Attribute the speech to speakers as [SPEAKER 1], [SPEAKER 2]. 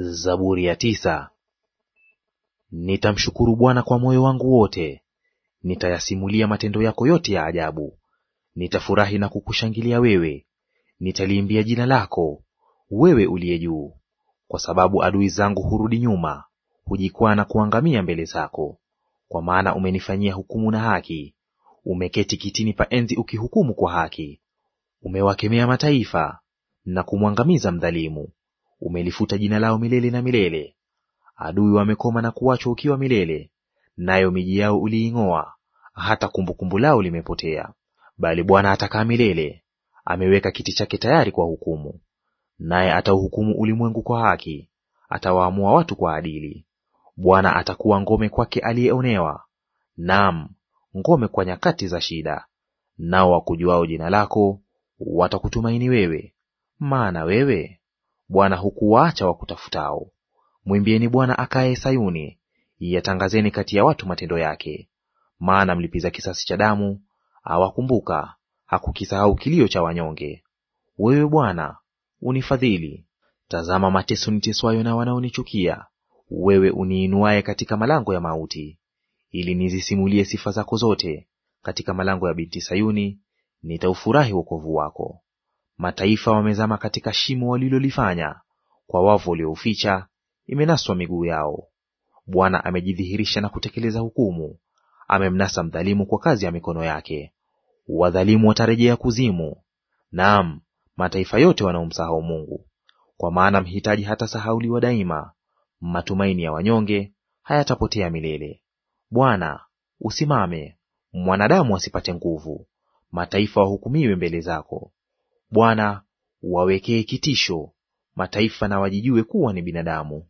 [SPEAKER 1] Zaburi ya tisa. Nitamshukuru Bwana kwa moyo wangu wote, nitayasimulia matendo yako yote ya ajabu. Nitafurahi na kukushangilia wewe, nitaliimbia jina lako, wewe uliye juu, kwa sababu adui zangu hurudi nyuma, hujikwaa na kuangamia mbele zako. Kwa maana umenifanyia hukumu na haki, umeketi kitini pa enzi ukihukumu kwa haki. Umewakemea mataifa na kumwangamiza mdhalimu. Umelifuta jina lao milele na milele. Adui wamekoma na kuachwa ukiwa milele, nayo miji yao uliing'oa, hata kumbukumbu kumbu lao limepotea. Bali Bwana atakaa milele, ameweka kiti chake tayari kwa hukumu. Naye atauhukumu ulimwengu kwa haki, atawaamua watu kwa adili. Bwana atakuwa ngome kwake aliyeonewa, naam, ngome kwa nyakati za shida. Nao wakujuao jina lako watakutumaini wewe, maana wewe Bwana hukuwaacha wakutafutao. Mwimbieni Bwana akaye Sayuni, iyatangazeni kati ya watu matendo yake. Maana mlipiza kisasi cha damu awakumbuka, hakukisahau kilio cha wanyonge. Wewe Bwana unifadhili, tazama mateso niteswayo na wanaonichukia, wewe uniinuaye katika malango ya mauti, ili nizisimulie sifa zako zote katika malango ya binti Sayuni, nitaufurahi wokovu wako. Mataifa wamezama katika shimo walilolifanya, kwa wavu waliouficha imenaswa miguu yao. Bwana amejidhihirisha na kutekeleza hukumu, amemnasa mdhalimu kwa kazi ya mikono yake. Wadhalimu watarejea kuzimu, naam, mataifa yote wanaomsahau Mungu. Kwa maana mhitaji hatasahauliwa daima, matumaini ya wanyonge hayatapotea milele. Bwana, usimame; mwanadamu asipate nguvu. Mataifa wahukumiwe mbele zako. Bwana, uwawekee kitisho mataifa, na wajijue kuwa ni binadamu.